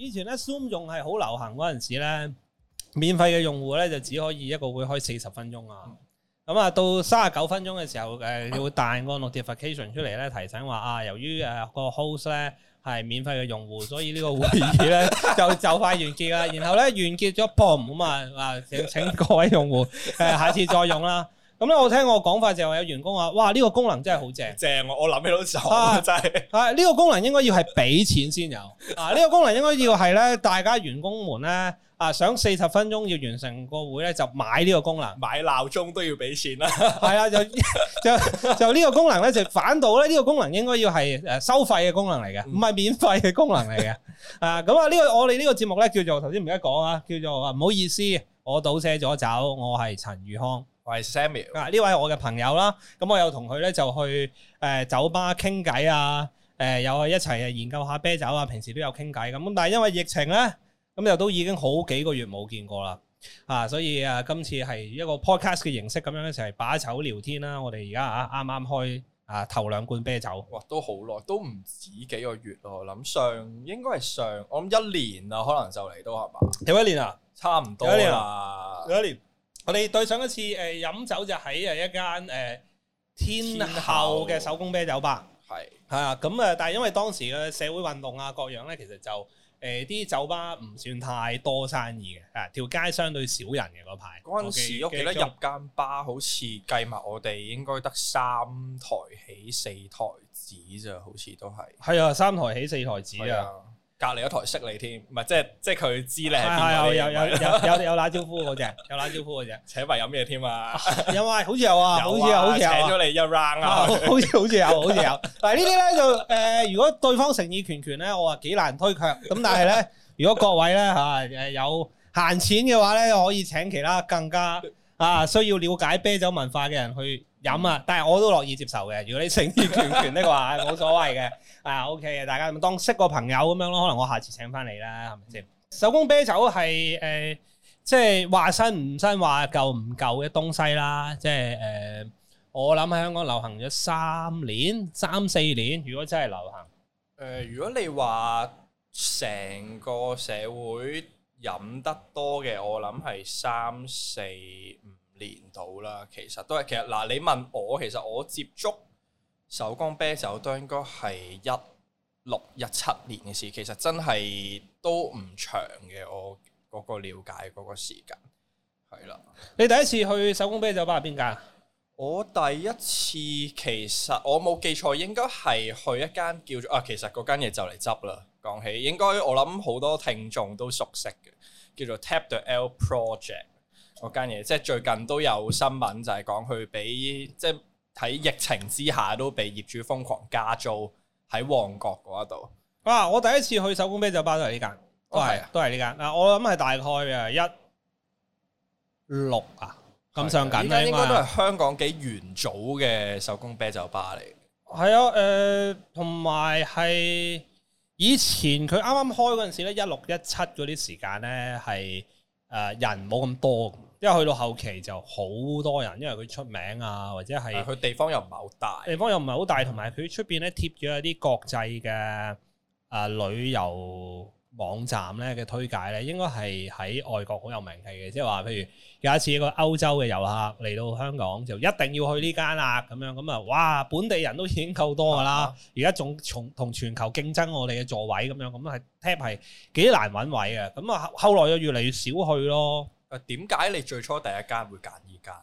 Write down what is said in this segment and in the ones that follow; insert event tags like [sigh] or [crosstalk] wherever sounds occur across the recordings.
以前咧 Zoom 用係好流行嗰陣時咧，免費嘅用戶咧就只可以一個會開四十分鐘啊。咁啊，到三十九分鐘嘅時候，你要彈個 notification 出嚟咧，提醒話啊，由於誒、啊、個 host 咧係免費嘅用戶，所以呢個會議咧就就快完結啦。然後咧完結咗，噃，咁啊，請請各位用戶誒、啊，下次再用啦。咁咧、嗯，我聽我講法就係有員工話，哇，呢、這個功能真係好正！正我我諗起嘅都錯，真係。係呢、啊啊這個功能應該要係俾錢先有。 [laughs] 啊，呢、這個功能應該要係咧，大家員工們咧啊，想四十分鐘要完成個會咧，就買呢個功能。買鬧鐘都要俾錢啦。係 [laughs] 啊，就就就呢個功能咧，就反倒咧，呢、這個功能應該要係誒收費嘅功能嚟嘅，唔係免費嘅功能嚟嘅、 [laughs] 啊嗯。啊，咁、這、啊、個，個呢個我哋呢個節目咧叫做，頭先唔該講啊，叫做啊，唔好意思，我倒瀉咗走，我係陳宇康。我係 Samuel。啊，呢位係我嘅朋友啦，咁我有同佢咧就去誒、呃、酒吧傾偈啊，誒、呃、有啊一齊研究下啤酒啊，平時都有傾偈咁，但係因為疫情咧，咁又都已經好幾個月冇見過啦，啊，所以啊今次係一個 podcast 嘅形式咁樣一齊、就是、把酒聊天啦。我哋而家啊啱啱開啊頭兩罐啤酒。哇，都好耐，都唔止幾個月咯，諗上應該係上我諗一年啦，可能就嚟都係嘛？有一年啊，差唔多啊，一年。我哋對上一次誒飲、呃、酒就喺啊一間誒、呃、天后嘅手工啤酒吧，係係啊咁啊！但係因為當時嘅社會運動啊各樣咧，其實就誒啲、呃、酒吧唔算太多生意嘅，啊條街相對少人嘅嗰排。嗰陣時我記得入間吧就好似計埋我哋應該得三台起四台子咋，好似都係。係啊，三台起四台子啊！隔離嗰台識你添，唔係、即係、即係即係佢知你係邊位？有有有有有打招呼嗰隻，有打招呼嗰隻。請埋飲嘢添啊！有,有,有,有,有,有啊，好似有啊，好似有，好似有，請咗你 round 啊，好似好似有，好似有。但係呢啲咧就誒，如果對方誠意拳拳咧，我話幾難推卻。咁但係咧，如果各位咧嚇誒有閒錢嘅話咧，可以請其他更加啊需要了解啤酒文化嘅人去。飲啊！但係我都樂意接受嘅。如果你盛意拳拳嘅話，冇所謂嘅。啊，OK 嘅，大家當識個朋友咁樣咯。可能我下次請返你啦，係咪先？手工啤酒係誒，即係話新唔新話舊唔舊嘅東西啦。即係誒，我諗喺香港流行咗三年三四年。如果真係流行，誒，如果你話成個社會飲得多嘅，我諗係三四五年到啦，其實都係，其實嗱，你問我，其實我接觸手工啤酒都應該係一六一七年嘅事，其實真係都唔長嘅。我嗰個了解嗰個時間係啦。你第一次去手工啤酒吧係邊間？我第一次，其實我冇記錯，應該係去一間叫做啊，其實嗰間嘢就嚟執啦。講起應該我諗好多聽眾都熟悉嘅，叫做 TAP The Ale Project。嗰間嘢，即係最近都有新聞，就係講佢俾即係喺疫情之下，都被業主瘋狂加租喺旺角嗰一度。啊！我第一次去手工啤酒吧都係呢間，都係、哦啊、都係呢間。嗱，我諗係大概1，啊一六啊咁上緊，呢間應該都係香港幾元祖嘅手工啤酒吧嚟。係啊，誒、呃，同埋係以前佢啱啱開嗰陣時咧，一六一七嗰啲時間咧係誒人冇咁多。因為去到後期就好多人，因為佢出名啊，或者係佢、啊、地方又唔係好大，地方又唔係好大，同埋佢出邊咧貼咗一啲國際嘅啊旅遊網站咧嘅推介咧，應該係喺外國好有名氣嘅，即係話，譬如有一次有一個歐洲嘅遊客嚟到香港，就一定要去呢間喇，咁樣咁啊，哇！本地人都已經夠多噶啦，而家仲從同全球競爭我哋嘅座位咁樣，咁係 TAP 係幾難揾位嘅，咁啊後來又越嚟越少去咯。誒，點解你最初第一間會揀呢間？誒、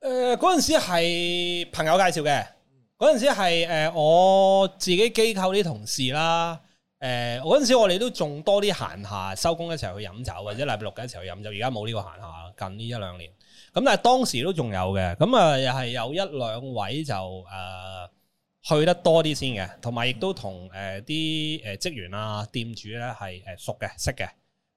呃，嗰陣時係朋友介紹嘅，嗰陣時係誒我自己機構啲同事啦，誒、呃，嗰陣時我哋都仲多啲閒暇收工一齊去飲酒，或者禮拜六嘅一齊去飲酒。而家冇呢個閒暇，近呢一兩年，咁、嗯、但係當時都仲有嘅，咁啊又係有一兩位就誒、呃、去得多啲先嘅，同埋亦都同誒啲誒職員啊、店主咧係誒熟嘅、識嘅。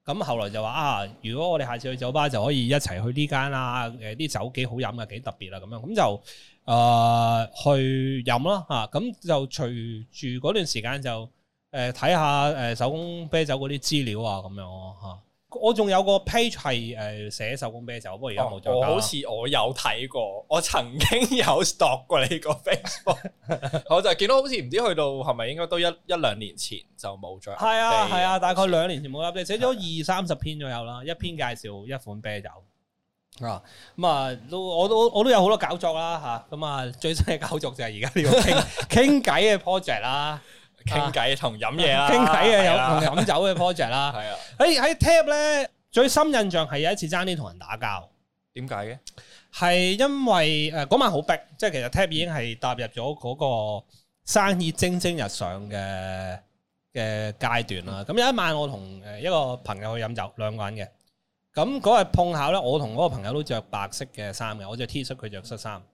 咁後來就話啊，如果我哋下次去酒吧，就可以一齊去呢間啦。誒、呃，啲酒幾好飲嘅，幾特別啦咁樣。咁就誒、呃、去飲咯嚇。咁、啊、就隨住嗰段時間就誒睇下誒手工啤酒嗰啲資料啊咁樣咯嚇。啊我仲有個 page 係誒寫手工啤酒，不過而家冇再搞、哦、好似我有睇過，我曾經有 stalk 過你個 Facebook， [laughs] 我就見到好似唔知去到係咪應該都一一兩年前就冇咗。係啊係啊，大概兩年前冇 update 喇，你寫咗二三十篇左右啦，一篇介紹一款啤酒啊咁啊，都、嗯、我都我都有好多搞作啦吓，咁啊最新嘅搞作就係而家呢個傾傾偈嘅 project 啦。 [laughs] 傾偈同飲嘢啊，傾偈啊有同飲酒嘅 project 啦。係啊，喺喺 TAP 咧最深印象係有一次爭啲同人打交，點解嘅？係因為誒嗰晚好逼，即係其實 TAP 已經係踏入咗嗰個生意蒸蒸日上嘅嘅階段啦。咁、嗯、有一晚我同誒一個朋友去飲酒，兩個人嘅。咁嗰日碰巧咧，我同嗰個朋友都着白色嘅衫嘅，我著 T 恤，佢着恤衫。嗯。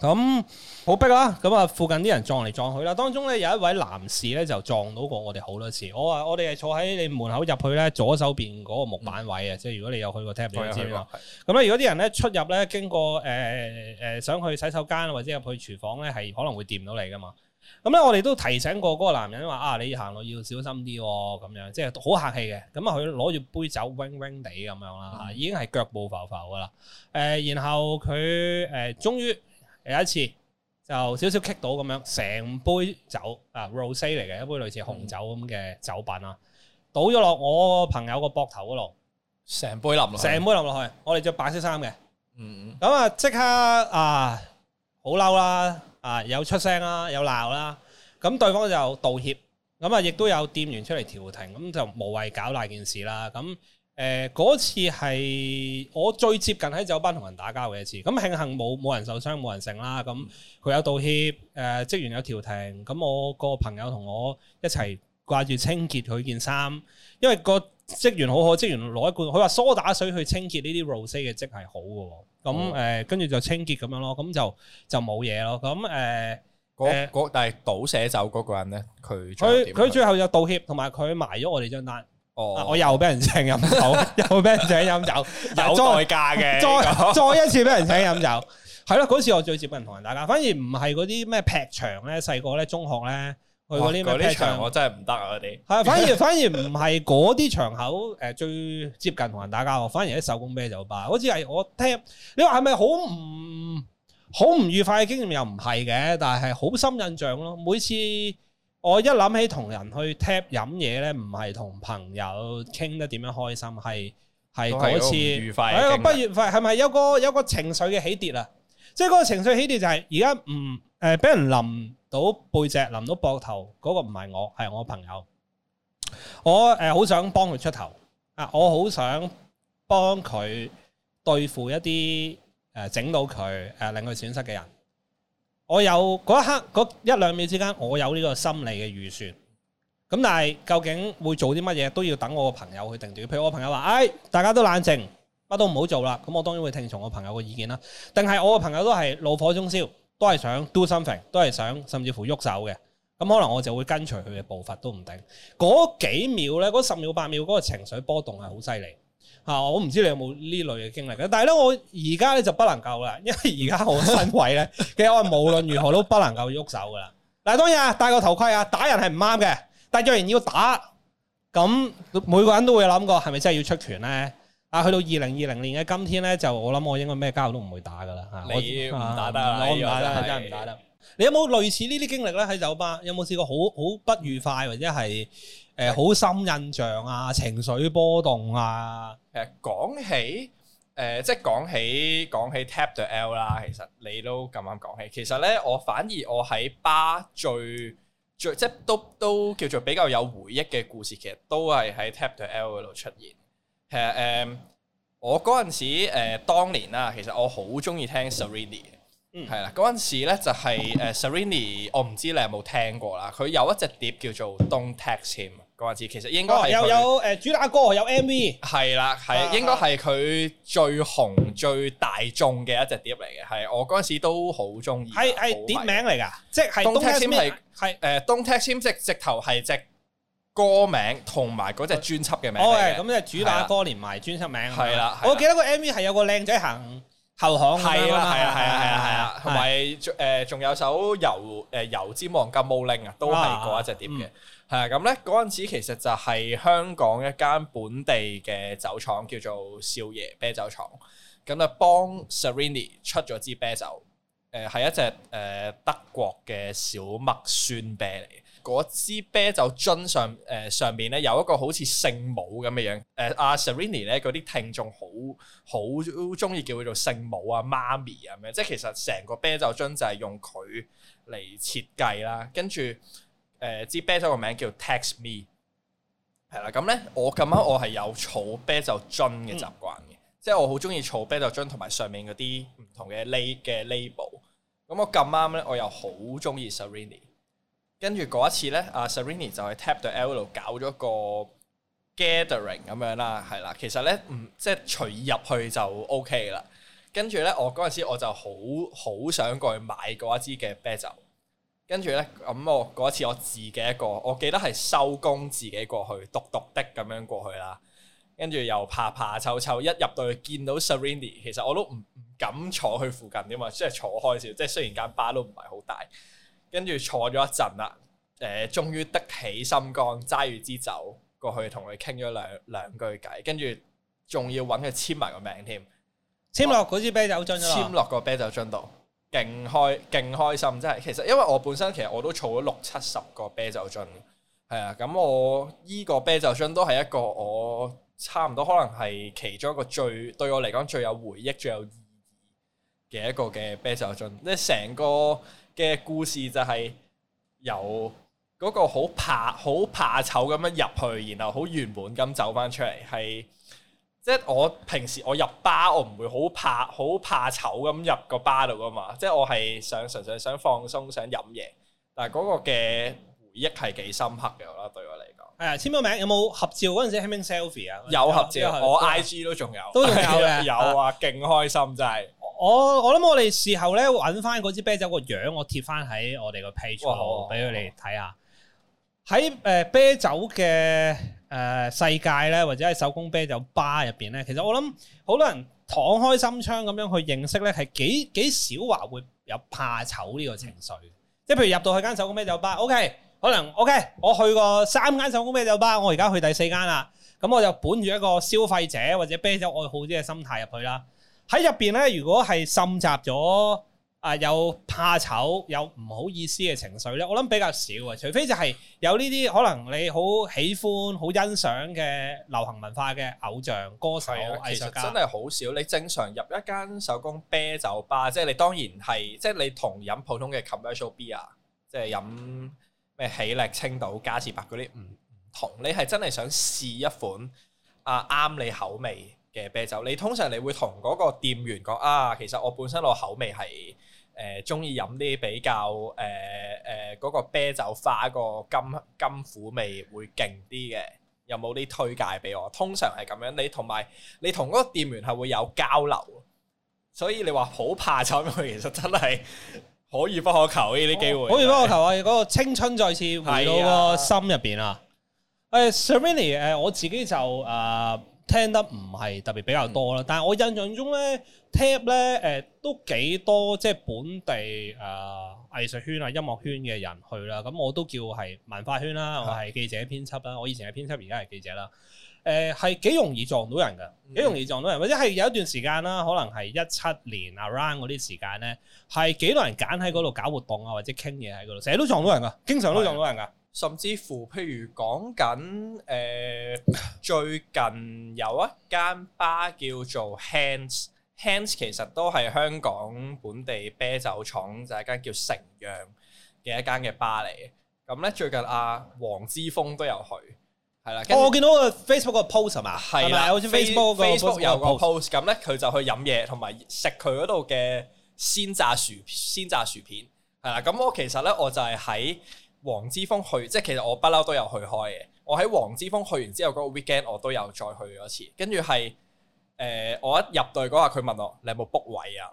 咁好逼啊。咁啊附近啲人撞嚟撞去啦。當中咧有一位男士咧就撞到過我哋好多次。我話，我哋係坐喺你門口入去咧左手邊嗰個木板位啊，即係如果你有去過 TAP 嘅話。咁咧，如果啲人咧出入咧經過誒誒，想去洗手間或者入去廚房咧，係可能會掂到你噶嘛。咁咧，我哋都提醒過嗰個男人話啊，你行路要小心啲咁樣，即係好客氣嘅。咁啊，佢攞住杯酒，wing wing 地咁樣啦，已經係腳步浮浮噶啦。誒，然後佢誒，終於。有一次就少少棘到咁樣，成杯酒啊，Rose 嚟嘅一杯類似紅酒咁嘅酒品啦，嗯、倒咗落我朋友個膊頭嗰度，成杯淋落去，成杯淋落去。我哋着白色衫嘅，咁啊即刻啊好嬲啦，啊，啊有出聲啦，有鬧啦，咁對方就道歉，咁啊亦都有店員出嚟調停，咁就無謂搞大件事啦，咁。誒嗰、呃、次係我最接近喺酒吧同人打交嘅一次，咁慶幸冇冇人受傷，冇人勝啦。咁佢有道歉，誒、呃、職員有調停。咁我個朋友同我一齊掛住清潔佢件衫，因為個職員好好，職員攞一罐，佢話梳打水去清潔呢啲 r o s e 嘅跡係好嘅。咁誒、呃，跟住就清潔咁樣咯，咁就就冇嘢咯。咁誒，但係倒瀉走嗰個人咧，佢佢佢最後就道歉，同埋佢埋咗我哋張單。哦、oh. 啊，我又俾人請飲酒，又俾人請飲酒， [laughs] 有代價嘅，再 [laughs] 再，再一次俾人請飲酒，係咯， [laughs] 嗰次我最接近同人打交，反而唔係嗰啲咩劈場咧，細個咧，中學咧去過啲咩場，嗰啲場我真係唔得啊！啲係，反而反而唔係嗰啲場口誒，最接近同人打交，我反而啲手工啤酒吧，好似係我聽你話係咪好唔好唔愉快嘅經驗？又唔係嘅，但係，係好深印象咯，每次。我一諗起同人去 TAP 飲嘢咧，唔係同朋友傾得點樣開心，係係嗰次有一個不愉快，係咪有個有個情緒嘅起跌啊？即係嗰個情緒起跌就係而家唔誒俾人淋到背脊，淋到膊頭，嗰個唔係我，係我朋友。我誒好、呃、想幫佢出頭啊！我好想幫佢對付一啲誒整到佢誒、呃、令佢損失嘅人。我有一刻一兩秒之間，我有呢個心理嘅預算，咁但係究竟會做啲乜嘢都要等我個朋友去定奪。譬如我朋友話，哎，大家都冷靜，乜都唔好做啦。咁我當然會聽從我朋友嘅意見啦。定係我個朋友都係怒火中燒，都係想 do something，都係想甚至乎喐手嘅。咁可能我就會跟隨佢嘅步伐都唔定。嗰幾秒呢，嗰十秒八秒，嗰個情緒波動係好犀利。吓，我唔知你有冇呢類嘅經歷嘅，但係咧我而家咧就不能夠啦，因為而家好身位咧， [laughs] 其實我無論如何都不能夠喐手噶啦。嗱，當然啊，戴個頭盔啊，打人係唔啱嘅，但係若然要打，咁每個人都會諗過係咪真係要出拳咧？啊，去到二零二零年嘅今天咧，就我諗我應該咩交流都唔會打噶啦。吓，我唔打得啦，我唔、啊、打得，真係唔打得。打得，你有冇類似呢啲經歷咧？喺酒吧有冇試過好好不愉快或者係？誒好、呃、深印象啊，情緒波動啊！誒講起誒、呃，即係講起講起 Tap the L 啦，其實你都咁啱講起。其實咧，我反而我喺巴最最即係都都叫做比較有回憶嘅故事，其實都係喺 Tap the L 度出現、啊呃呃。其實我嗰陣、er 嗯啊、時誒當年啦，其、就、實、是呃、我好中意聽 Serrini 嘅，啦。嗰陣時咧就係誒 Serrini，我唔知你有冇聽過啦。佢有一隻碟叫做 Don't Text Him。嗰陣其實應該係有有誒主打歌有 M V 係啦係應該係佢最紅最大眾嘅一隻碟嚟嘅係我嗰陣時都好鍾意係係碟名嚟㗎即係東鐵簽係係誒東鐵簽直直頭係隻歌名同埋嗰隻專輯嘅名咁即係主打歌連埋專輯名係啦我記得個 M V 係有個靚仔行後巷係啦係啊係啊係啊同埋誒仲有首油誒油尖旺金毛玲啊都係嗰一隻碟嘅。係啊，咁咧嗰陣時其實就係香港一間本地嘅酒廠叫做少爺啤酒廠，咁啊幫 Serenity 出咗支啤酒，誒、呃、係一隻誒、呃、德國嘅小麥酸啤嚟。嗰支啤酒樽上誒、呃、上面咧有一個好似聖母咁嘅樣，誒阿 Serenity 咧嗰啲聽眾好好中意叫佢做聖母啊媽咪啊咩，即係其實成個啤酒樽就係用佢嚟設計啦，跟住。誒支、呃、啤酒個名叫 Text Me，係啦。咁咧，我咁啱我係有儲啤酒樽嘅習慣嘅，嗯、即係我好中意儲啤酒樽同埋上面嗰啲唔同嘅 label。咁我咁啱咧，我又好中意 Serenity。跟住嗰一次咧，阿、啊、Serenity 就喺 Tap the Ale 搞咗個 gathering 咁樣啦，係啦。其實咧，唔即係隨意入去就 OK 啦。跟住咧，我嗰陣時我就好好想過去買嗰一支嘅啤酒。跟住呢，咁我嗰次我自己一個，我記得係收工自己過去，獨獨的咁樣過去啦。跟住又怕怕醜醜，一入到去見到 Serenity，其實我都唔唔敢坐去附近啲嘛，即係坐開少少。即係雖然間巴都唔係好大，跟住坐咗一陣啦。誒、呃，終於的起心肝，揸住支酒過去同佢傾咗兩兩句偈，跟住仲要揾佢簽埋個名添，我簽落嗰支啤酒樽咗落，簽落個啤酒樽度。勁開勁開心，真係。其實因為我本身其實我都儲咗六七十個啤酒樽，係啊，咁我依個啤酒樽都係一個我差唔多可能係其中一個最對我嚟講最有回憶最有意義嘅一個嘅啤酒樽，即係成個嘅故事就係由嗰個好怕好怕醜咁樣入去，然後好圓滿咁走翻出嚟，係。即我平時我入巴，我唔會好怕好怕醜咁入個巴度噶嘛。即係我係想純粹想放鬆，想飲嘢。但係嗰個嘅回憶係幾深刻嘅，我覺得對我嚟講。係啊，簽咗名有冇合照嗰陣時 have any selfie 啊？有合照，有有我都有 IG 都仲有，都仲有，有啊，勁開心真係。我我諗我哋事後咧，揾翻嗰支啤酒個樣，我貼翻喺我哋個 page 度，俾佢哋睇下。喺誒、呃呃、啤酒嘅。誒、呃、世界咧，或者係手工啤酒吧入邊咧，其實我諗好多人敞開心窗咁樣去認識咧，係幾幾少話會有怕醜呢個情緒。即係、嗯、譬如入到去間手工啤酒吧，OK，可能 OK，我去過三間手工啤酒吧，我而家去第四間啦。咁我就本住一個消費者或者啤酒愛好者嘅心態入去啦。喺入邊咧，如果係滲集咗。啊！有怕醜，有唔好意思嘅情緒咧，我諗比較少啊。除非就係有呢啲可能，你好喜歡、好欣賞嘅流行文化嘅偶像歌手、的藝術家，真係好少。你正常入一間手工啤酒吧，即係你當然係，即係你同飲普通嘅 commercial beer，即係飲咩喜力、青島、加士伯嗰啲唔同。你係真係想試一款啊啱你口味嘅啤酒，你通常你會同嗰個店員講啊，其實我本身我口味係誒中意飲啲比較誒誒嗰個啤酒花個甘甘苦味會勁啲嘅，有冇啲推介俾我？通常係咁樣，你同埋你同嗰個店員係會有交流，所以你話好怕醜味，因為其實真係可遇不可求呢啲機會，可、哦、遇不可求啊！嗰個青春再次係嗰個心入邊啊！誒，Samuel 誒，我自己就誒。Uh, 聽得唔係特別比較多啦，嗯、但係我印象中咧，TAP 咧誒都幾多即係本地誒、呃、藝術圈啊、音樂圈嘅人去啦。咁、嗯、我都叫係文化圈啦，我係記者編輯啦。我以前係編輯，而家係記者啦。誒、呃、係幾容易撞到人㗎，幾容易撞到人。嗯、或者係有一段時間啦，可能係一七年 around 嗰啲時間咧，係幾多人揀喺嗰度搞活動啊，或者傾嘢喺嗰度，成日都撞到人㗎，經常都撞到人㗎。甚至乎，譬如講緊誒，最近有一間吧叫做 Hands，Hands 其實都係香港本地啤酒廠，就係間叫成陽嘅一間嘅吧嚟。咁咧最近阿黃之峰都有去，係啦。我見到個 Facebook 個 post 係嘛，係啦，Facebook 有個 post。咁咧佢就去飲嘢同埋食佢嗰度嘅鮮炸薯鮮炸薯片，係啦。咁我其實咧我就係喺。王之峰去，即係其實我不嬲都有去開嘅。我喺黃之鋒去完之後嗰個 weekend，我都有再去一次。跟住係誒，我一入到去嗰下，佢問我，你有冇 book 位啊？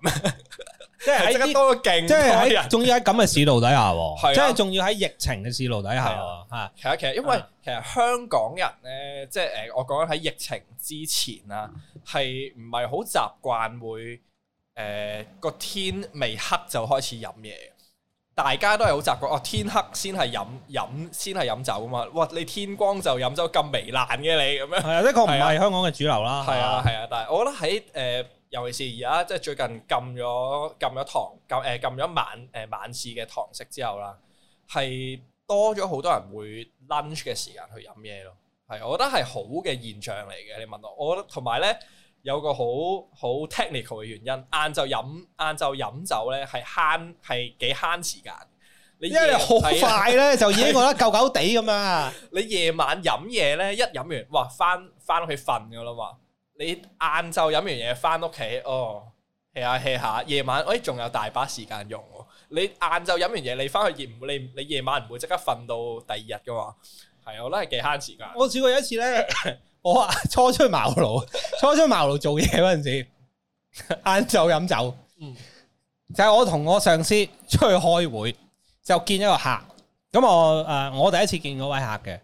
即係多勁，即係仲要喺咁嘅市道底下，即係仲要喺疫情嘅市道底下。係啊，其實、啊啊、其實因為、啊、其實香港人咧，即係誒，我講緊喺疫情之前啊，係唔係好習慣會誒個、呃、天未黑就開始飲嘢。大家都係好習慣，哇！天黑先係飲飲先係飲酒啊嘛，哇！你天光就飲酒咁糜爛嘅你咁樣，係啊，的確唔係香港嘅主流啦。係啊係啊，但係我覺得喺誒、呃，尤其是而家即係最近禁咗禁咗堂禁誒、呃、禁咗晚誒、呃、晚市嘅堂食之後啦，係多咗好多人會 lunch 嘅時間去飲嘢咯。係，我覺得係好嘅現象嚟嘅。你問我，我覺得同埋咧。有個好好 technical 嘅原因，晏晝飲晏晝飲酒咧，係慳係幾慳時間。你因為好快咧， [laughs] 是就已經我覺得夠夠地咁啊！ [laughs] 你夜晚飲嘢咧，一飲完，哇，翻翻屋企瞓噶啦嘛！你晏晝飲完嘢翻屋企，哦 hea 下 hea 下。夜、啊啊啊、晚，我、哎、仲有大把時間用。你晏晝飲完嘢，你翻去夜唔會，你你夜晚唔會即刻瞓到第二日噶嘛？係、啊，我覺得係幾慳時間。我試過有一次咧。 [laughs] 我初出茅廬，初出茅廬做嘢陣時，晏晝飲酒，嗯、就係我同我上司出去開會，就見一個客，咁我誒、呃，我第一次見嗰位客嘅。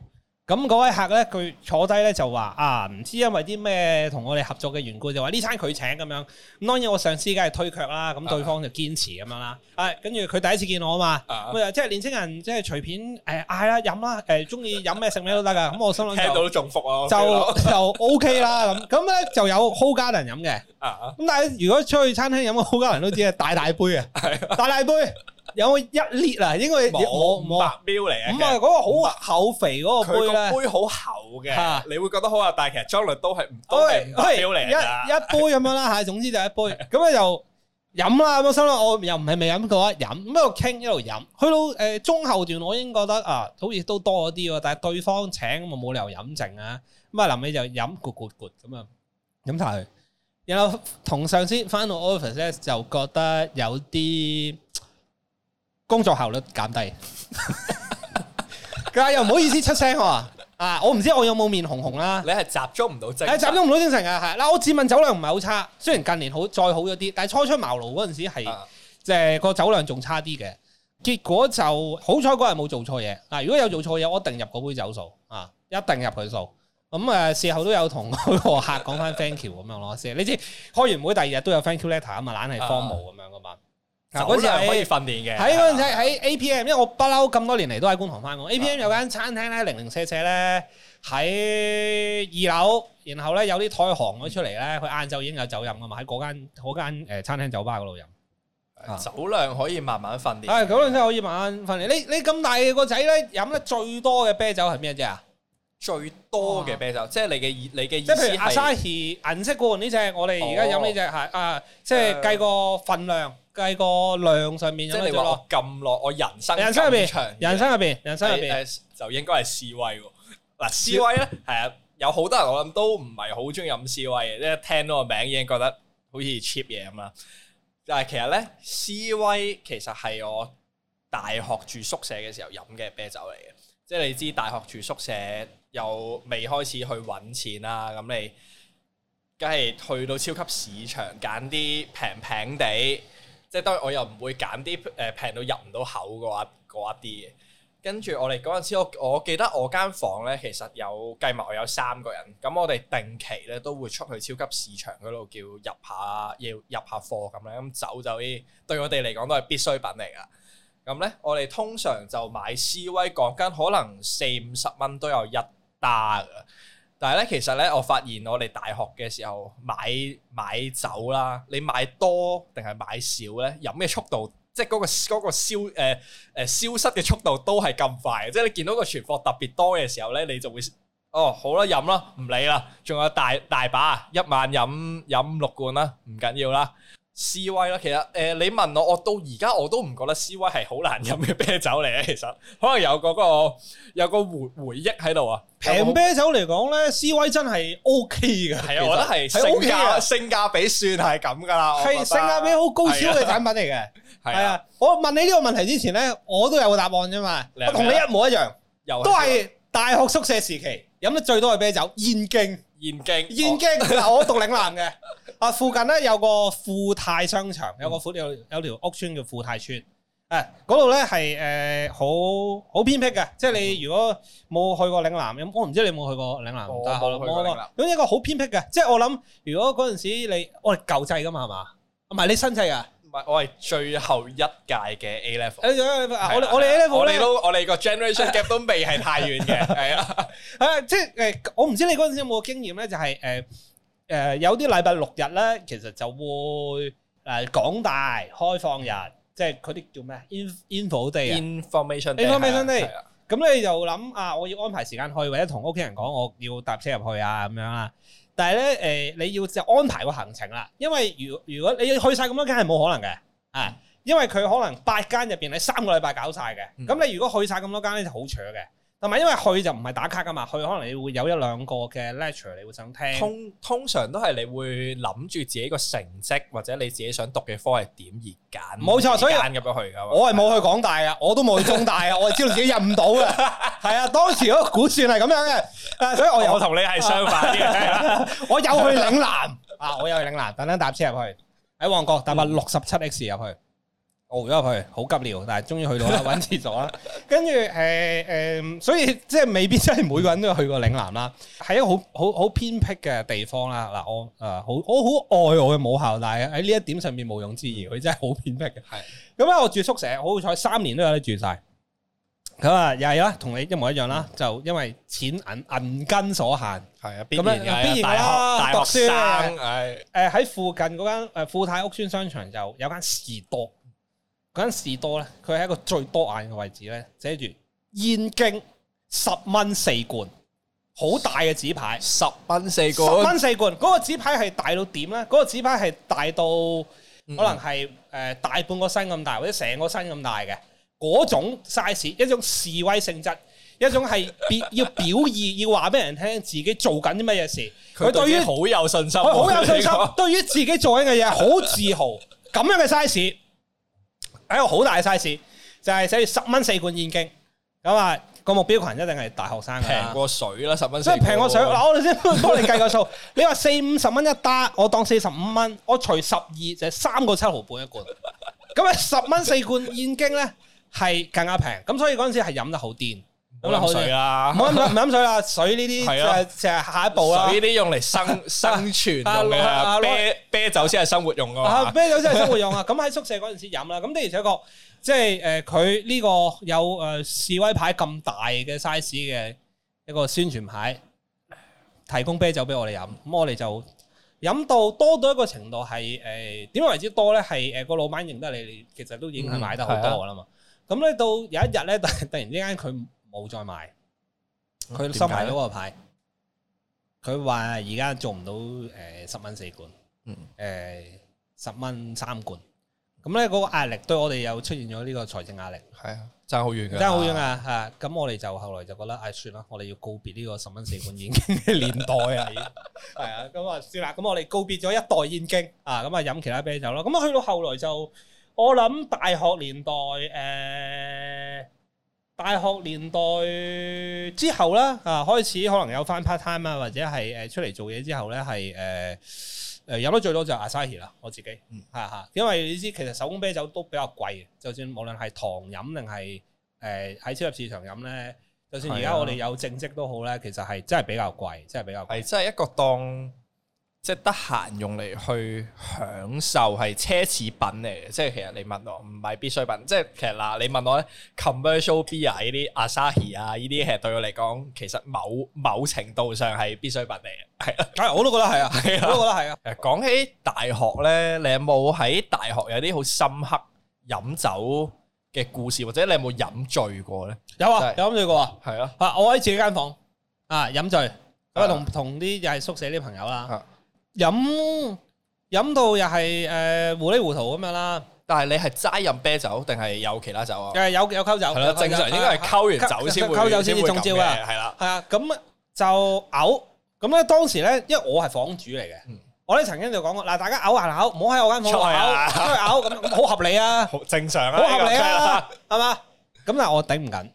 咁嗰位客咧，佢坐低咧就話啊，唔知因為啲咩同我哋合作嘅緣故，就話呢餐佢請咁樣。咁當然我上司梗係推卻啦，咁 [music] 對方就堅持咁樣啦。誒、啊，跟住佢第一次見我啊嘛，即係、 [music] 嗯、年輕人，即、就、係、是、隨便誒嗌啦飲啦，誒中意飲咩食咩都得㗎。咁我心諗聽到都中伏啊，就就 O K 啦咁。咁咧就有豪家人飲嘅，咁但係如果出去餐廳飲，豪家人都知係，大大杯啊，大大杯。大大杯 [music] 有冇一列 i f t 啊？應該冇五百秒嚟嘅。咁啊，嗰個好厚肥嗰個杯咧？杯好厚嘅，你會覺得好啊。但係其實將來都係唔多、哎。嚟一一杯咁樣啦，吓， [laughs] 總之就一杯。咁啊又飲啦，咁啊心諗。我又唔係未飲過啊，飲咁啊，傾一路飲。去到誒中後段，我已經覺得啊，好似都多咗啲。但係對方請，咁啊冇理由飲剩啊。咁啊，臨尾就飲咕咕咕咁啊，飲晒。然後同上司翻到 office 咧，就覺得有啲。工作效率減低，但 [laughs] 又唔好意思出聲啊！我唔知我有冇面紅紅啦。你係集中唔到精，係集中唔到精神啊！係嗱，我自問酒量唔係好差，雖然近年好再好咗啲，但係初出茅廬嗰陣時係即係個酒量仲差啲嘅。結果就好彩嗰日冇做錯嘢啊！如果有做錯嘢，我一定入嗰杯酒數啊，一定入佢數。咁、嗯、啊，事後都有同嗰個客講翻 thank you 咁樣咯先。你知開完會第二日都有 thank you letter 啊嘛，懶係 formal 咁樣噶嘛。嗱，嗰次係可以訓練嘅。喺嗰陣時喺 APM，因為我不嬲咁多年嚟都喺觀塘翻工。的 APM 有間餐廳咧，零零舍舍咧喺二樓，然後咧有啲台行咗出嚟咧，佢晏晝已經有酒飲㗎嘛。喺嗰間嗰間誒餐廳酒吧嗰度飲，酒量可以慢慢訓練。誒，酒量真可以慢慢訓練。你你咁大個仔咧，飲得最多嘅啤酒係咩啫？最多嘅啤酒，哇即係你嘅你嘅意思。即係阿、啊、沙士銀色罐呢隻，我哋而家飲呢隻係啊，即係計個份量。計個量上面有乜嘢咯？咁落我， [noise] 我人生人生入邊，人生入邊，人生入邊就應該係示威。嗱， [laughs] 示威咧係有好多人我諗都唔係好中意飲示威嘅，即係聽到個名已經覺得好似 cheap 嘢咁啦。但係其實咧，示威其實係我大學住宿舍嘅時候飲嘅啤酒嚟嘅。即係你知，大學住宿舍又未開始去搵錢啦，咁你梗係去到超級市場揀啲平平地。即係當然，我又唔會揀啲誒平到入唔到口嘅話嗰一啲嘅。跟住我哋嗰陣時，我我記得我間房咧，其實有計埋我有三個人。咁我哋定期咧都會出去超級市場嗰度叫入下要入下貨咁咧。咁、嗯、走走啲對我哋嚟講都係必需品嚟噶。咁咧我哋通常就買斯威講緊，可能四五十蚊都有一打。但係咧，其實咧，我發現我哋大學嘅時候買買酒啦，你買多定係買少咧，飲嘅速度，即係嗰個嗰個消誒誒消失嘅速度都係咁快嘅。即係你見到個存貨特別多嘅時候咧，你就會哦好啦飲啦，唔理啦，仲有大大把一晚飲飲六罐啦，唔緊要啦。C 威啦，其實誒、呃，你問我，我到而家我都唔覺得 C 威係好難飲嘅啤酒嚟咧。其實可能有嗰個有個回回憶喺度啊。平啤酒嚟講咧，C 威真係 O K 㗎，係啊，我覺得係性價性價比算係咁噶啦。係性價比好高少嘅產品嚟嘅，係啊。我問你呢個問題之前咧，我都有個答案啫嘛，我同你一模一樣，都係大學宿舍時期飲得最多嘅啤酒燕京，燕京，燕京嗱，競哦、 [laughs] 我讀嶺南嘅。 [laughs] 附近咧有個富泰商場，有個富有有條屋村叫富泰村。誒，嗰度咧係誒好好偏僻嘅，即係你如果冇去過嶺南咁，我唔知你有冇去過嶺南？冇，冇去過嶺南。咁一個好偏僻嘅，即係我諗，如果嗰陣時你我哋舊制噶嘛係嘛？唔係你新制噶？唔係我係最後一屆嘅 A level。我我哋 A level 咧，我哋個 generation gap 都未係太遠嘅，係啊。誒，即係誒，我唔知你嗰陣時有冇經驗咧，就係誒。誒、呃，有啲禮拜六日咧，其實，就會誒、港、呃、大開放日，嗯，即係嗰啲叫咩？Info Day Information Information Day、啊。咁你就諗啊，我要安排時間去，或者同屋企人講，我要搭車入去啊，咁樣啦。但係咧，誒、呃，你要就安排個行程啦，因為如如果，如果你要去晒咁多間，係冇可能嘅啊，因為佢可能八間入邊，你三個禮拜搞晒嘅。咁你如果去晒咁多間咧，就好搶嘅。同埋，因為去就唔係打卡噶嘛，去可能你會有一兩個嘅 lecture，你會想聽。通通常都係你會諗住自己個成績或者你自己想讀嘅科係點而揀。冇錯，所以揀入咗去噶。我係冇去港大啊，我都冇去中大啊，我係知道自己入唔到啊。係啊，當時嗰個估算係咁樣嘅。誒，所以我有。我同你係相反嘅。我有去嶺南啊，我有去嶺南，等等搭車入去喺旺角，搭埋六十七 X 入去，入咗去，好急尿，但係終於去到啦，搵廁所啦。跟住誒誒，所以即係未必真係每個人都有去過嶺南啦。係 [laughs] 一個好好好偏僻嘅地方啦。嗱，我誒好好好愛我嘅母校，但係喺呢一點上面毋庸置疑，佢、嗯、真係好偏僻嘅。係咁啊，樣我住宿舍，好彩三年都有得住晒。咁啊，又係啦，同你一模一樣啦，嗯、就因為錢銀銀根所限。係啊、嗯，必然嘅啦、嗯，大學、大學生。誒、嗯，喺、呃、附近嗰間誒富泰屋村商場就有間士多。嗰陣士多咧，佢係一個最多眼嘅位置咧，寫住燕京十蚊四罐，好大嘅紙牌，十蚊四罐，十蚊四罐。嗰個紙牌係大到點咧？嗰、嗰個紙牌係大到可能係誒大半個身咁大，或者成個身咁大嘅嗰種 size，一種示威性質，一種係別要表意， [laughs] 要話俾人聽自己做緊啲乜嘢事。佢對於好有信心，佢好有信心， [laughs] 對於自己做緊嘅嘢好自豪。咁樣嘅 size。喺一個好大嘅 size，就係寫住十蚊四罐燕京咁啊，個目標群一定係大學生，平過水啦，十蚊四。平過水，嗱我哋先幫你計個數。 [laughs] 你話四五十蚊一打，我當四十五蚊，我除十二就三個七毫半一罐。咁啊，十蚊四罐燕京咧，係更加平。咁所以嗰陣時係飲得好癲。唔好飲水啦，唔好唔飲水啦， [laughs] 水呢啲係啊，成、就、日、是、下一步啦。水呢啲用嚟生生存用嘅啤、 [laughs] 啊啊、啤酒先係生活用噶、 [laughs] 啊、啤酒先係生活用啊！咁喺 [laughs] 宿舍嗰陣時飲啦。咁的而且確，即係誒，佢、呃、呢個有誒、呃、示威牌咁大嘅 size 嘅一個宣傳牌，提供啤酒俾我哋飲。咁我哋就飲到多到一個程度係誒，點、呃、為之多咧？係誒個老闆認得你，其實都已經係買得好多噶啦嘛。咁咧、嗯啊嗯、到有一日咧，但突然之間佢。冇再買，佢、嗯、收埋咗個牌。佢話而家做唔到，誒、呃、十蚊四罐，誒、嗯呃、十蚊三罐。咁咧嗰個壓力對我哋又出現咗呢個財政壓力。係啊，爭好遠噶，爭好遠啊！吓、啊，咁我哋就後來就覺得，唉，算啦，我哋要告別呢個十蚊四罐燕京嘅年代啦，係啊。咁啊，算啦，咁我哋告別咗、 [laughs] 啊、一代燕京啊。咁啊，飲其他啤酒咯。咁啊，去到後來就，我諗大學年代誒。呃大學年代之後咧，啊開始可能有翻 part time 啊，或者係誒、呃、出嚟做嘢之後咧，係誒誒飲得最多就 Asahi 啦，我自己，嗯，係啊，因為你知其實手工啤酒都比較貴，就算無論係堂飲定係誒喺超級市場飲咧，就算而家我哋有正職都好咧，是啊、其實係真係比較貴，真係比較貴，係真係一個當。即係得閒用嚟去享受係奢侈品嚟嘅，即係其實你問我唔係必需品。即係其實嗱，你問我咧，commercial beer 呢啲 Asahi 啊，呢啲其實對我嚟講，其實某某程度上係必需品嚟嘅，係我都覺得係啊，係啊，我都覺得係啊。誒，講起大學咧，你有冇喺大學有啲好深刻飲酒嘅故事，或者你有冇飲醉過咧？有啊，飲醉過啊，係啊，啊，我喺自己間房啊，飲醉，我同同啲又係宿舍啲朋友啦。飲飲到又係誒、呃、糊裏糊塗咁樣啦，但係你係齋飲啤酒定係有其他酒啊？誒有有溝酒係啦，有溝酒，正常應該係溝完酒先會溝酒先至中招啊，係啦，係啊，咁就嘔咁咧。當時咧，因為我係房主嚟嘅，嗯、我咧曾經就講過嗱，大家嘔下嘔，唔好喺我間房嘔，喺嘔咁好合理啊， [laughs] 好正常啊，好合理啊，係嘛？ [laughs] [laughs] 咁但係我頂唔緊，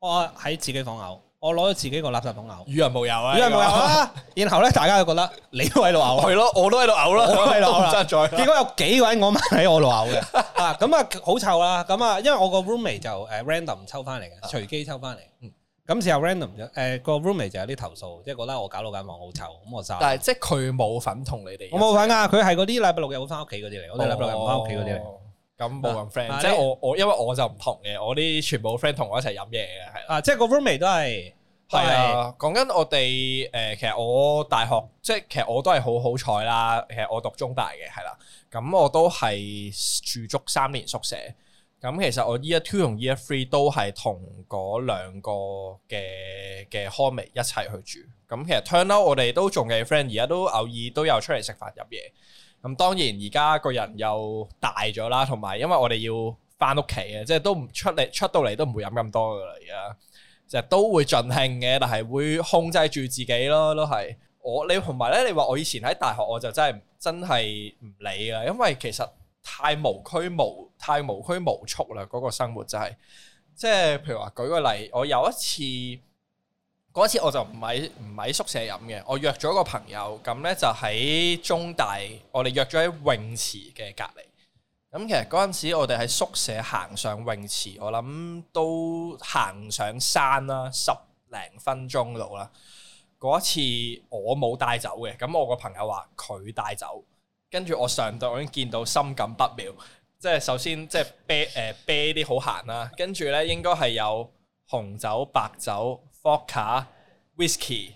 我喺自己房嘔。我攞咗自己個垃圾桶嘔，與人無有啊！與人無有啊！然後咧，大家就覺得你都喺度嘔，係咯，我都喺度嘔啦，我喺度嘔，結果有幾位我咪喺我度嘔嘅，啊咁啊好臭啦！咁啊，因為我個 roommate 就誒 random 抽翻嚟嘅，隨機抽翻嚟。咁時候 random 誒個 roommate 就有啲投訴，即係覺得我搞到間房好臭，咁我但係即係佢冇份同你哋，我冇份啊！佢係嗰啲禮拜六日會翻屋企嗰啲嚟，我哋禮拜六日唔翻屋企嗰啲嚟。咁冇咁 friend，即係我、啊、我，因為我就唔同嘅，我啲全部 friend 同我一齊飲嘢嘅，係啊，即係個 roommate 的都係是，係啊。講緊我哋誒，其實我大學即係其實我都係好好彩啦。其實我讀中大嘅係啦，咁我都係住足三年宿舍。咁其實我 year two 同 year three 都係同嗰兩個嘅嘅 roommate 一齊去住。咁其實 turn out 我哋都仲嘅 friend，而家都偶爾都有出嚟食飯飲嘢。咁當然而家個人又大咗啦，同埋因為我哋要翻屋企啊，即係都唔出嚟，出到嚟都唔會飲咁多噶啦，而家即係都會盡興嘅，但係會控制住自己咯，都係我你同埋咧，你話我以前喺大學我就真係真係唔理噶，因為其實太無拘無太無拘無束啦，嗰個生活就係即係譬如話舉個例，我有一次。嗰次我就唔喺唔喺宿舍飲嘅，我約咗一個朋友，咁咧就喺中大，我哋約咗喺泳池嘅隔籬。咁其實嗰陣時我哋喺宿舍行上泳池，我諗都行上山啦，十零分鐘度啦。嗰次我冇帶酒嘅，咁我個朋友話佢帶酒，跟住我上到已經見到心感不妙，即係首先即係啤誒啤啲好閒啦，跟住咧應該係有紅酒白酒。vodka、whisky、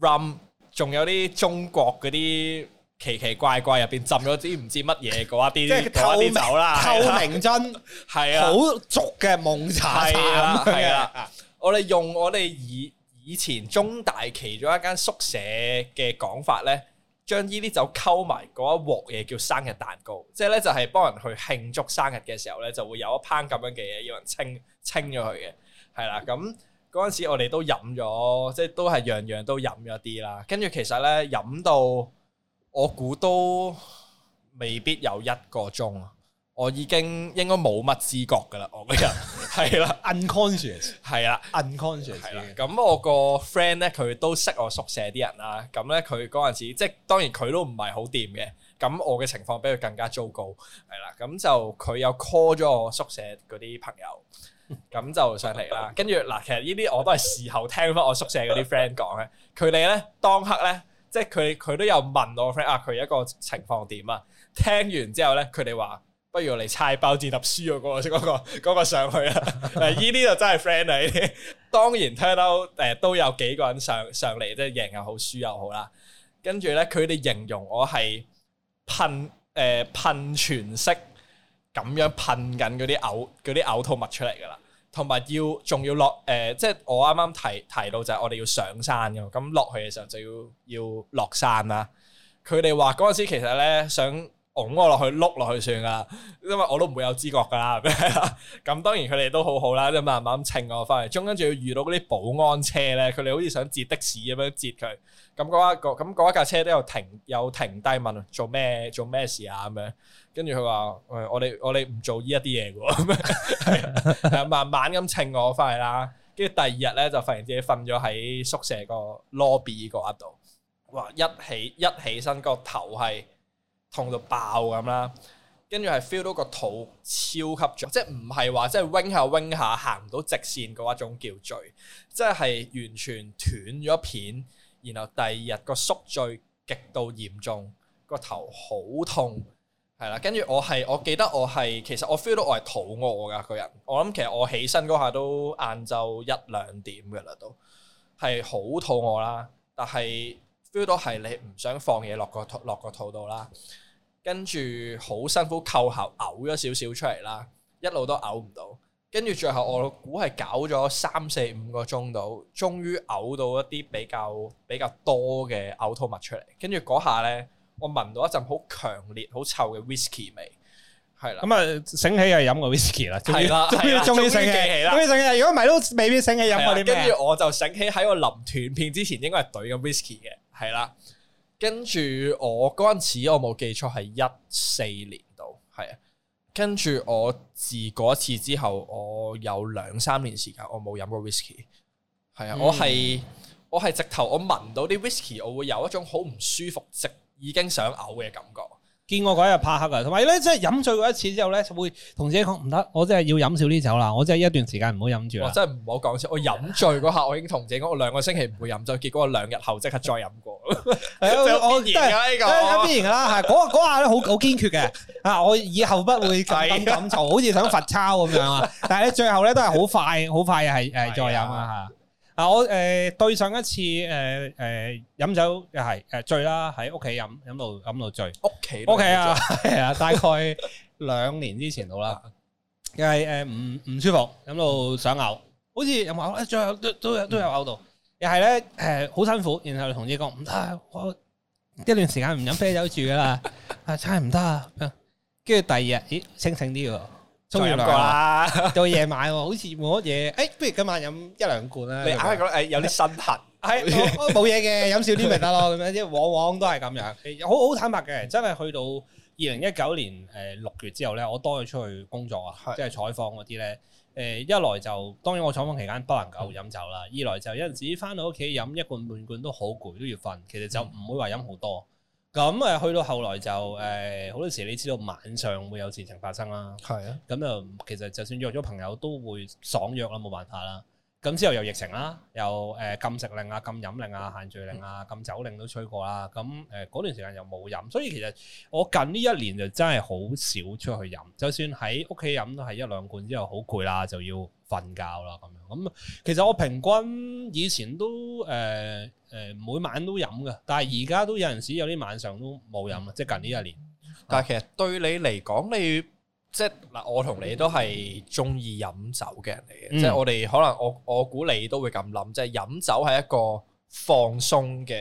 rum，仲有啲中國嗰啲奇奇怪怪入邊浸咗啲唔知乜嘢嗰一啲，即係透明透明樽，係啊，好足嘅夢茶茶咁樣嘅。我哋用我哋以以前中大其中一間宿舍嘅講法咧，將呢啲酒溝埋嗰一鑊嘢叫生日蛋糕，即係咧就係幫人去慶祝生日嘅時候咧，就會有一盤咁樣嘅嘢，要人清清咗佢嘅，係啦咁。嗰陣時我哋都飲咗，即係都係樣樣都飲咗啲啦。跟住其實咧飲到，我估都未必有一個鐘，我已經應該冇乜知覺噶啦，我個人係啦，unconscious 係啦，unconscious。咁我個 friend 咧佢都識我宿舍啲人啦，咁咧佢嗰陣時即係當然佢都唔係好掂嘅，咁我嘅情況比佢更加糟糕，係啦。咁就佢又 call 咗我宿舍嗰啲朋友。咁就上嚟啦，跟住嗱，其實呢啲我都係事後聽翻我宿舍嗰啲 friend 講嘅，佢哋咧當刻咧，即係佢佢都有問我 friend 啊，佢一個情況點啊？聽完之後咧，佢哋話不如嚟猜包戰立書嗰，啊嗰個嗰個，嗰個上去啊！呢 [laughs] 啲就真係 friend 嚟，當然聽到誒，都有幾個人上上嚟，即係贏又好輸又好啦。跟住咧，佢哋形容我係噴誒噴泉式。咁樣噴緊嗰啲嘔啲嘔吐物出嚟噶啦，同埋要仲要落誒，即、呃、係、就是、我啱啱提提到就係我哋要上山嘅，咁落去嘅時候就要要落山啦。佢哋話嗰陣時其實咧想，拱我落去碌落去算啦，因為我都唔會有知覺噶啦，咁 [laughs] 當然佢哋都好好啦，即係慢慢咁稱我翻嚟，中間仲要遇到嗰啲保安車咧，佢哋好似想截的士咁樣截佢，咁嗰一嗰咁一架車都有停有停低問做咩做咩事啊咁樣，跟住佢話誒我哋我哋唔做呢一啲嘢嘅。 [laughs] [laughs] [laughs] 慢慢咁稱我翻嚟啦，跟住第二日咧就發現自己瞓咗喺宿舍個 lobby 個度，哇，一起一起，一起身，個頭係。痛到爆咁啦，跟住係 feel 到個肚超級脹，即係唔係話即係 wing 下 wing 下行唔到直線嗰一種叫醉，即係完全斷咗片，然後第二日個宿醉極度嚴重，個頭好痛，係啦。跟住我係我記得我係其實我 feel 到我係肚餓㗎個人，我諗其實我起身嗰下都晏晝一兩點㗎啦，都係好肚餓啦，但係 feel 到係你唔想放嘢落個落個肚度啦。跟住好辛苦，扣喉嘔咗少少出嚟啦，一路都嘔唔到。跟住最後我估係搞咗三四五個鐘度，終於嘔到一啲比較比較多嘅嘔吐物出嚟。跟住嗰下咧，我聞到一陣好強烈、好臭嘅 whisky 味，係啦。咁啊、嗯，醒起係飲個 whisky 啦，係啦，終於終於醒起，終於醒起。如果唔係都未必醒起飲嗰啲。跟住我就醒起喺我臨斷片之前應該，應該係懟緊 whisky 嘅，係啦。跟住我陣時我冇記錯係一四年度，係啊。跟住我自嗰一次之後，我有兩三年時間我冇飲過威士忌係啊。我係我係直頭我聞到啲威士忌我會有一種好唔舒服，直已經想嘔嘅感覺。見我嗰日怕黑啊，同埋咧，即係飲醉過一次之後咧，會同自己講唔得，我真係要飲少啲酒啦，我真係一段時間唔好飲住。我真係唔好講笑，我飲醉嗰下我已經同自己講，我兩個星期唔會飲咗，結果我兩日後即刻再飲過。 [laughs] [laughs] 我我必然噶，呢個，必然啦，係嗰個嗰下咧好好堅決嘅啊！我以後不會咁咁做，好似想罰抄咁樣啊！但係咧，最後咧都係好快，好快係誒再飲啊吓。 [laughs] 啊！我誒、呃、對上一次誒誒飲酒又係誒醉啦，喺屋企飲飲到飲到醉，屋企屋企啊，係 [laughs] 啊，大概兩年之前度啦，又係誒唔唔舒服，飲到想嘔，好似有冇嘔？最後都都都有嘔到，又係咧誒好辛苦，然後同事講，唔得，我一段時間唔飲啤酒住㗎啦，啊差唔得啊，跟住第二日咦清醒啲喎。都飲過啦，到夜晚，好似冇乜嘢。哎，不如今晚飲一兩罐啦。你硬係覺得哎有啲心痕，係冇嘢嘅，飲少啲咪得咯。咁樣即往往都係咁樣，好好坦白嘅。真係去到二零一九年誒六月之後咧，我多咗出去工作啊，即係採訪嗰啲咧。誒，一來就當然我採訪期間不能夠飲酒啦，嗯、二來就有陣時翻到屋企飲一罐半罐都好攰，都要瞓。其實就唔會話飲好多。咁啊，去到後來就好多時候你知道晚上會有事情發生啦。係啊，咁就其實就算約咗朋友都會爽約啦，冇辦法啦。咁之後又疫情啦，又誒、呃、禁食令啊、禁飲令啊、限聚令啊、禁酒令都吹過啦。咁誒嗰段時間又冇飲，所以其實我近呢一年就真係好少出去飲，就算喺屋企飲都係一兩罐。之後好攰啦，就要瞓覺啦咁樣。咁、嗯、其實我平均以前都誒誒、呃呃、每晚都飲㗎，但係而家都有陣時有啲晚上都冇飲啦，即係、嗯、近呢一年。但係其實對你嚟講，你。即係嗱，我同你都係中意飲酒嘅人嚟嘅，嗯、即係我哋可能我我估你都會咁諗，即係飲酒係一個放鬆嘅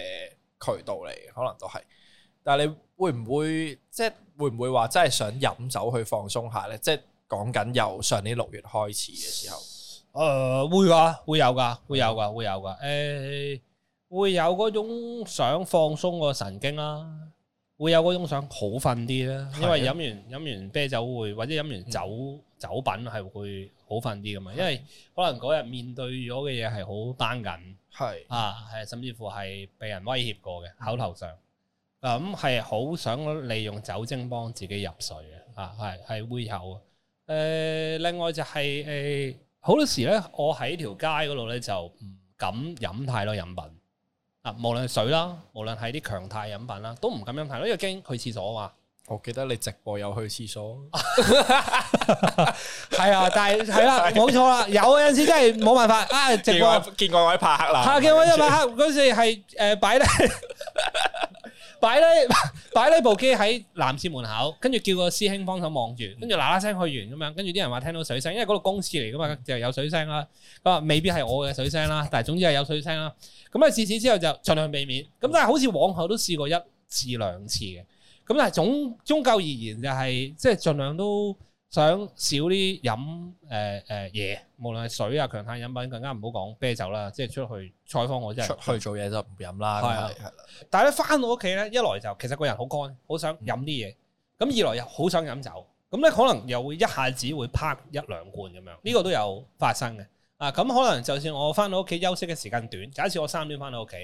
渠道嚟，可能都係。但係你會唔會即係會唔會話真係想飲酒去放鬆下咧？即係講緊由上年六月開始嘅時候，誒、呃、會噶，會有噶，會有噶，會有噶，誒、欸、會有嗰種想放鬆個神經啦、啊。會有嗰種想好瞓啲咧，的因為飲完飲完啤酒會，或者飲完酒、嗯、酒品係會好瞓啲噶嘛，的因為可能嗰日面對咗嘅嘢係好擔緊，係的啊，係甚至乎係被人威脅過嘅口頭上，咁係好想利用酒精幫自己入睡嘅，嗯、啊係係會有誒、呃，另外就係誒好多時咧，我喺條街嗰度咧就唔敢飲太多飲品。啊，無論係水啦，無論係啲強態飲品啦，都唔咁飲嘅，因為驚去廁所啊嘛。我記得你直播有去廁所，係啊，但係係啦，冇、啊、錯啦，有嗰陣時真係冇辦法啊！直播見過位拍黑啦，拍、啊、過位拍黑嗰、啊、後時係誒擺低。 [laughs] 嗯 [laughs] 擺咧，擺咧部機喺男廁門口，跟住叫個師兄幫手望住，跟住嗱嗱聲去完咁樣，跟住啲人話聽到水聲，因為嗰度公廁嚟噶嘛，就有水聲啦。佢話未必係我嘅水聲啦，但係總之係有水聲啦。咁啊，自此之後就盡量避免。咁但係好似往後都試過一次兩次嘅。咁但係總終究而言就係、是，即係盡量都。想少啲飲誒誒嘢，無論係水啊、強碳飲品，更加唔好講啤酒啦。即係出去採訪，我真係出去做嘢就唔飲啦。係係但係咧翻到屋企咧，一來就其實個人好乾，好想飲啲嘢。咁二來又好想飲酒。咁咧可能又會一下子會啪一兩罐咁樣，呢個都有發生嘅。啊，咁可能就算我翻到屋企休息嘅時間短，假設我三點翻到屋企，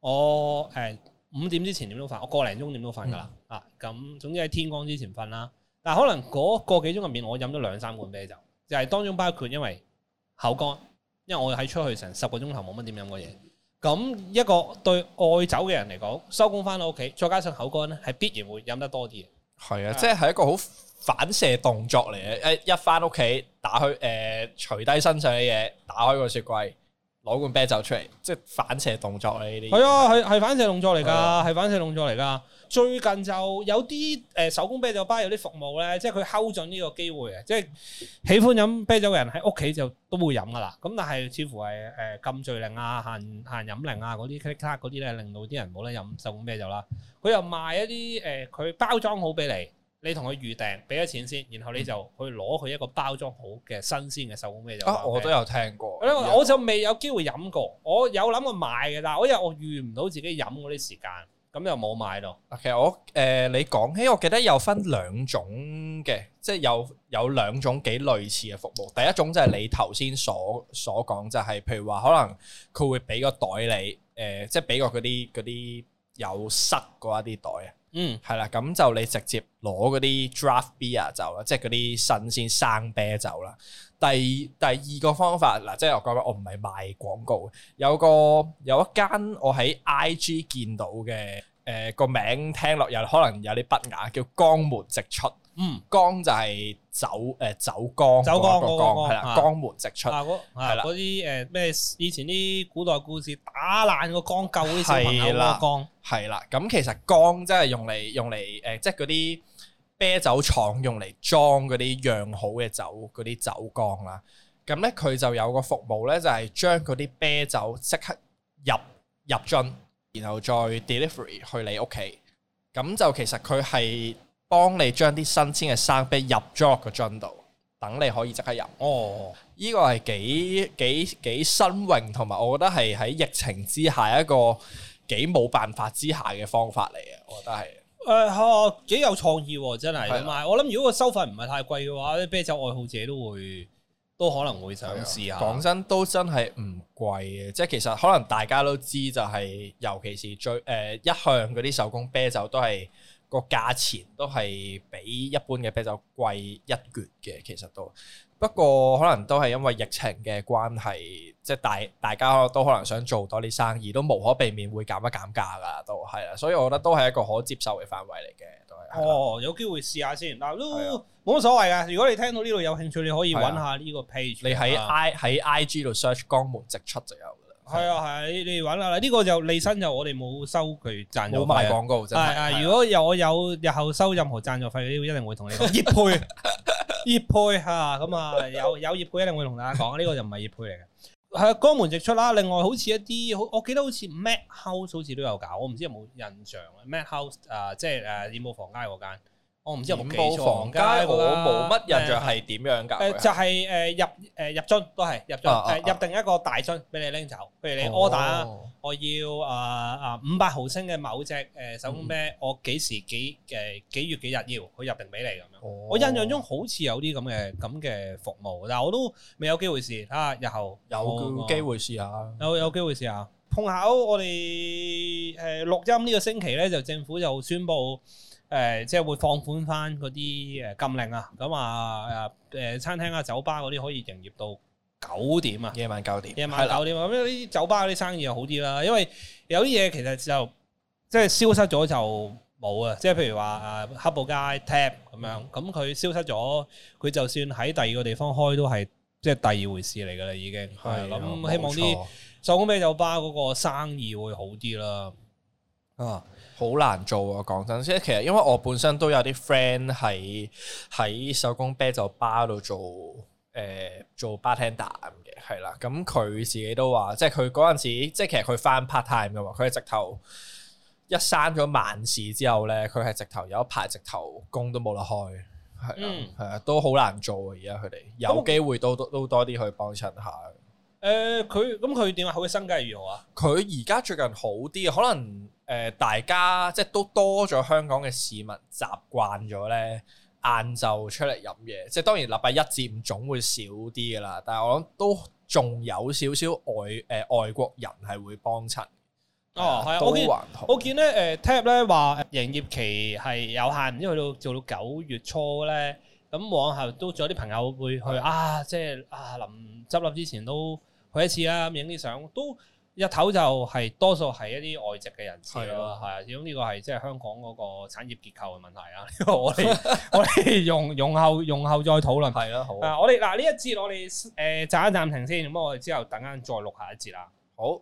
我誒五點之前點都瞓，我個零鐘點都瞓㗎喇。啊，咁總之喺天光之前瞓啦。但可能嗰個幾鐘入面，我飲咗兩三罐啤酒，就係當中包括因為口乾，因為我喺出去成十個鐘頭冇乜點飲過嘢。咁一個對愛酒嘅人嚟講，收工翻到屋企，再加上口乾咧，係必然會飲得多啲嘅。係啊，啊即係一個好反射動作嚟嘅，誒一翻屋企打開誒除低身上嘅嘢，打開個雪櫃。攞罐啤酒出嚟，即係反射動作咧呢啲。係啊，係係反射動作嚟㗎，係反射動作嚟㗎。最近就有啲誒手工啤酒吧有啲服務咧，即係佢睺準呢個機會啊！即係喜歡飲啤酒嘅人喺屋企就都會飲㗎啦。咁但係似乎係誒禁聚令啊、限限飲令啊嗰啲 click 嗰啲咧，令到啲人冇得飲手工啤酒啦。佢又賣一啲誒，佢包裝好俾你。你同佢預訂，俾咗錢先，然後你就去攞佢一個包裝好嘅新鮮嘅手工啤酒。啊，我都有聽過，我就未有機會飲過。我有諗過買嘅，但係我因為我預唔到自己飲嗰啲時間，咁又冇買咯。其實、okay，我誒、呃，你講起，我記得有分兩種嘅，即、就、係、是、有有兩種幾類似嘅服務。第一種就係你頭先所所講，就係、是、譬如話，可能佢會俾個袋你，誒、呃，即係俾個嗰啲啲有塞嗰一啲袋啊。嗯，係啦，咁就你直接攞嗰啲 draft beer 就啦，即係嗰啲新鮮生啤酒啦。第二第二個方法嗱，即係我講畀你，我唔係賣廣告，有個有一間我喺 IG 見到嘅，誒、呃、個名聽落有可能有啲不雅，叫江門直出。嗯，缸就係酒誒、呃，酒缸，酒缸，個缸，係啦，江門直出係、啊啊、啦，嗰啲誒咩？以前啲古代故事打爛個缸救嗰啲小朋友個缸係啦。咁其實缸即係用嚟用嚟誒、呃，即係嗰啲啤酒廠用嚟裝嗰啲釀好嘅酒嗰啲酒缸啦。咁咧佢就有個服務咧，就係將嗰啲啤酒即刻入入樽，然後再 delivery 去你屋企。咁就其實佢係。幫你將啲新鮮嘅生啤入咗 r 個樽度，等你可以即刻入。哦，呢、呢個係幾幾幾新穎，同埋我覺得係喺疫情之下一個幾冇辦法之下嘅方法嚟嘅，我覺得係誒，幾、呃哦、有創意真係。同埋的、嗯、我諗，如果個收費唔係太貴嘅話，啲啤酒愛好者都會都可能會想試下。講真，都真係唔貴嘅，即係其實可能大家都知、就係，就係尤其是最誒、呃、一向嗰啲手工啤酒都係。個價錢都係比一般嘅啤酒貴一橛嘅，其實都不過可能都係因為疫情嘅關係，即係大大家都可能想做多啲生意，都無可避免會減一減價噶，都係啦。所以我覺得都係一個可接受嘅範圍嚟嘅，都係。哦，有機會試下先，嗱，都冇乜的所謂嘅。如果你聽到呢度有興趣，你可以揾下呢個 page。的你喺 I 喺 IG 度 search 江門直出就有。係啊係、啊，你你玩下啦，呢、這個就利申就我哋冇收佢贊助費、啊，冇賣廣告，真係。啊，啊如果有我有日後收任何贊助費，呢我 [laughs] 一定會同你業配，業 [laughs] 配吓，咁啊、嗯、有有業配一定會同大家講，呢 [laughs] 個就唔係業配嚟嘅。係啊，江門直出啦、啊。另外，好似一啲好，我記得好似 Mad House 好似都有搞，我唔知有冇印象？ [laughs] Mad House 啊、呃呃，即係誒業務房街嗰間。我唔知我冇房間，我冇乜印象係點樣㗎？誒、嗯、就係、是、誒入誒入樽都係入樽誒、啊啊啊、入定一個大樽俾你拎走，譬如你 order、哦、我要啊啊五百毫升嘅某隻誒、呃、手工啤，嗯、我幾時幾誒幾月幾日要佢入定俾你咁樣。哦、我印象中好似有啲咁嘅咁嘅服務，但係我都未有機會試。啊，日後有機會試下，有有機會試下。碰巧我哋誒、呃、錄音呢個星期咧，就政府就宣布。誒、呃，即係會放寬翻嗰啲誒禁令啊！咁啊誒、啊啊，餐廳啊、酒吧嗰啲可以營業到九點啊，晚點夜晚九點。夜晚九點啊！咁啲酒吧嗰啲生意又好啲啦，因為有啲嘢其實就即係消失咗就冇啊！即係譬如話啊，黑布街 TAP 咁樣，咁佢消失咗，佢就算喺第二個地方開都係即係第二回事嚟㗎啦，已經。係啊，咁、嗯、希望啲手工啤酒吧嗰個生意會好啲啦。啊，好難做啊！講真，即係其實因為我本身都有啲 friend 喺喺手工啤酒吧度做誒、呃、做 bartender 咁嘅，係啦。咁佢自己都話，即係佢嗰陣時，即係其實佢返 part time 㗎嘛，佢係直頭一閂咗晚市之後咧，佢係直頭有一排直頭工都冇得開，係啊，係啊、嗯，都好難做啊！而家佢哋有機會都都，都多啲去幫襯下。誒佢咁佢點啊？佢生計如何啊？佢而家最近好啲啊？可能誒、呃、大家即係都多咗香港嘅市民習慣咗咧，晏晝出嚟飲嘢，即係當然禮拜一至五總會少啲噶啦。但係我諗都仲有少少外誒、呃、外國人係會幫襯。哦，係啊的我，我見我見咧誒 TAP 咧話營業期係有限，因為去到做到九月初咧，咁往後都仲有啲朋友會去的啊，即係啊臨執笠之前都。每一次啦、啊，咁影啲相都日頭就係、是、多數係一啲外籍嘅人士咯，係啊的，始終呢個係即係香港嗰個產業結構嘅問題 [laughs] 啊。我哋我哋用用後用後再討論，係咯，好。啊，我哋嗱呢一節我哋誒暫一暫停先，咁我哋之後等間再錄下一節啊。好。